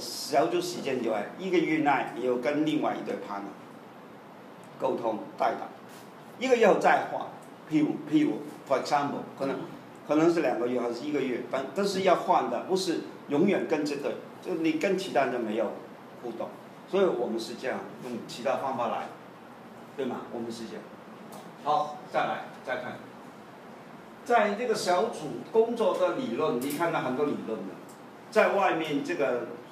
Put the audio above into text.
小組時間以外，一個月內你要跟另外一對 partner 溝通帶動，一個月後再換，譬如譬如 for example 可能可能是兩個月還是一個月，但但是要換的，不是永遠跟這個，就你跟其他人沒有互動，所以我們是這樣，用其他方法來，對嗎？我們是這樣。好，再來，再看，在這個小組工作的理論，你看到很多理論的，在外面這個。